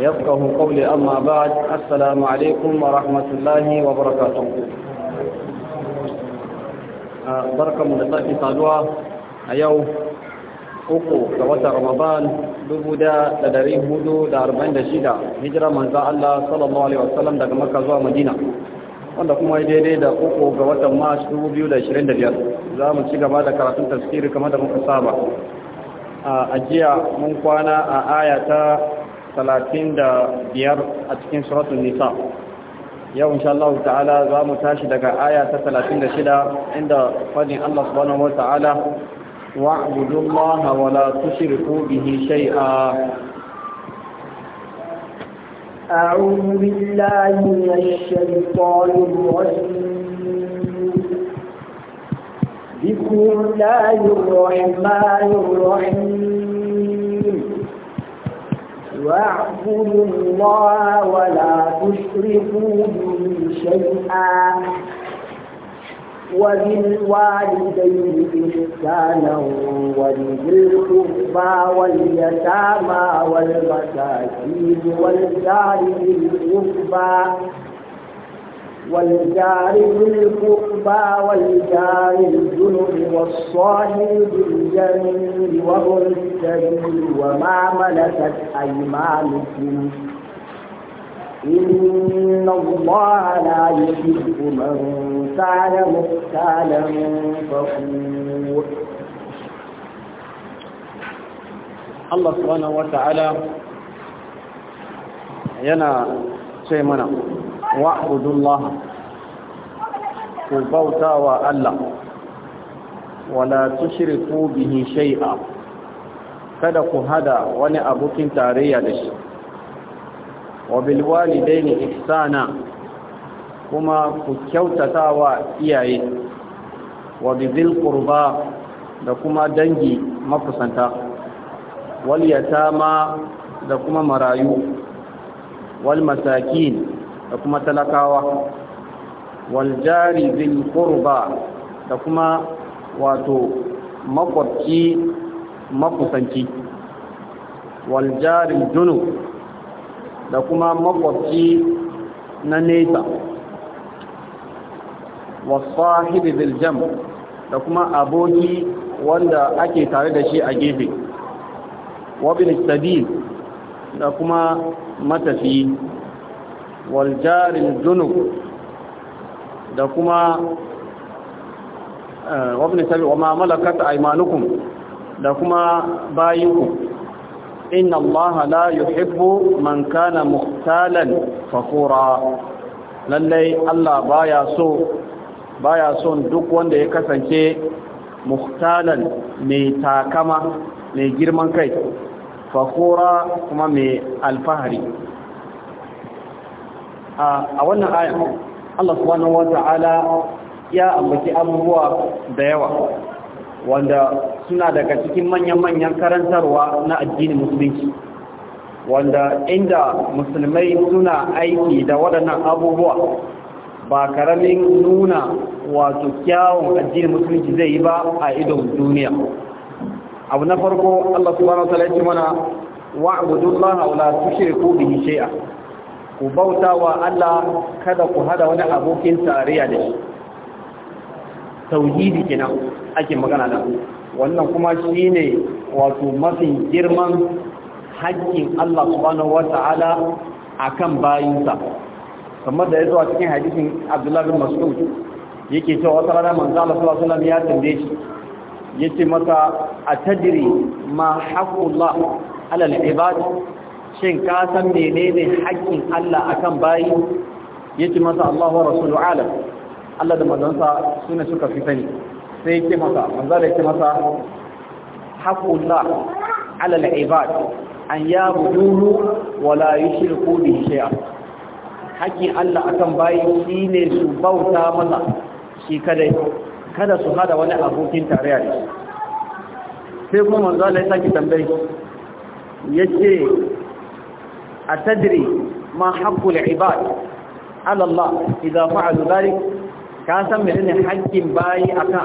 يفقه قولي أما بعد السلام عليكم ورحمة الله وبركاته بركة مدتاك صادوة أيو أقو كوات رمضان دبودا لدري هدو دا أربعين دشيدا هجرة من الله صلى الله عليه وسلم دا مكة زوا مدينة wanda kuma ya daidai da uku ga watan mars 2025 za mu ci gaba da karatun tafsiri kamar da muka saba a jiya mun kwana a aya da biyar a cikin suratun nisa yau insha Allah ta'ala za mu tashi daga aya ta 36 inda fadin Allah subhanahu wa ta'ala wa'budullaha wa la tushriku bihi shay'a أعوذ بالله من الشيطان الرجيم بسم الله الرحمن الرحيم واعبدوا الله ولا تشركوا به شيئا وبالوالدين إحسانا ولذي القربى واليتامى والمساكين والجار بالقربى والجار بالقربى والجار الجنب والصاحب بالجنب وهو السبيل وما ملكت أيمانكم إن الله لا يحب من كان مختالا فخور الله سبحانه وتعالى ينا سيمنا واعبد الله وبوتا وألا ولا تشركوا به شيئا كدق ku hada wani abokin tarayya wa bilwalidaini ihsana kuma ku kyautata wa iyaye wa bizil qurba da kuma dangi makusanta wal yatama da kuma marayu wal masakin da kuma talakawa wal jari bil qurba da kuma wato makwabci makusanci wal jari junub da kuma makwabci na nesa wasahibi jam da kuma aboki wanda ake tare da shi a gefe wabin sabil da kuma matafi waljarin junub da kuma eh, wabin sabil wa ma malakat aimanukum da kuma bayinku inna allaha la yuhibbu man kana muhtalan fakura lallai Allah baya so baya son duk wanda ya kasance muhtalan mai takama mai girman kai fakura kuma mai alfahari a wannan ayan Allah subhanahu wata'ala ya ambaci abubuwa da yawa wanda suna daga cikin manyan-manyan karantarwa na addinin musulunci wanda inda musulmai suna aiki da waɗannan abubuwa ba karamin nuna wato kyawun addinin musulunci zai yi ba a idon duniya abu na farko Allah subhanahu wa ta'ala ce mana wa'budullaha wa la tushriku bihi shay'a ku bauta wa Allah kada ku hada wani abokin tarayya da shi tauhidi kenan ake magana da wannan kuma shi ne wato mafi girman haƙƙin Allah subhanahu wata'ala a kan bayinsa kamar da ya zuwa cikin hadisin abdullahi mas'ud yake cewa wata rana manzo Allah sallallahu alaihi wasallam ya tambaye shi yace masa a tajiri ma haqqullah ala al-ibad shin ka san menene haƙƙin Allah akan bayi yace masa Allahu wa rasuluhu alam Allah da manzansa suna suka fi sani sai yake masa manzo da yake masa haqqullah ala al-ibad an yabuduhu wa la yushriku bihi shay'a haƙƙin Allah akan bayi shine su bauta masa shi kadai kada su hada wani abokin tare da sai kuma manzo Allah ya saki tambayi ya ce a atadri ma haqqul ibad ala Allah idan fa'alu dhalik ka san menene haƙƙin bayi akan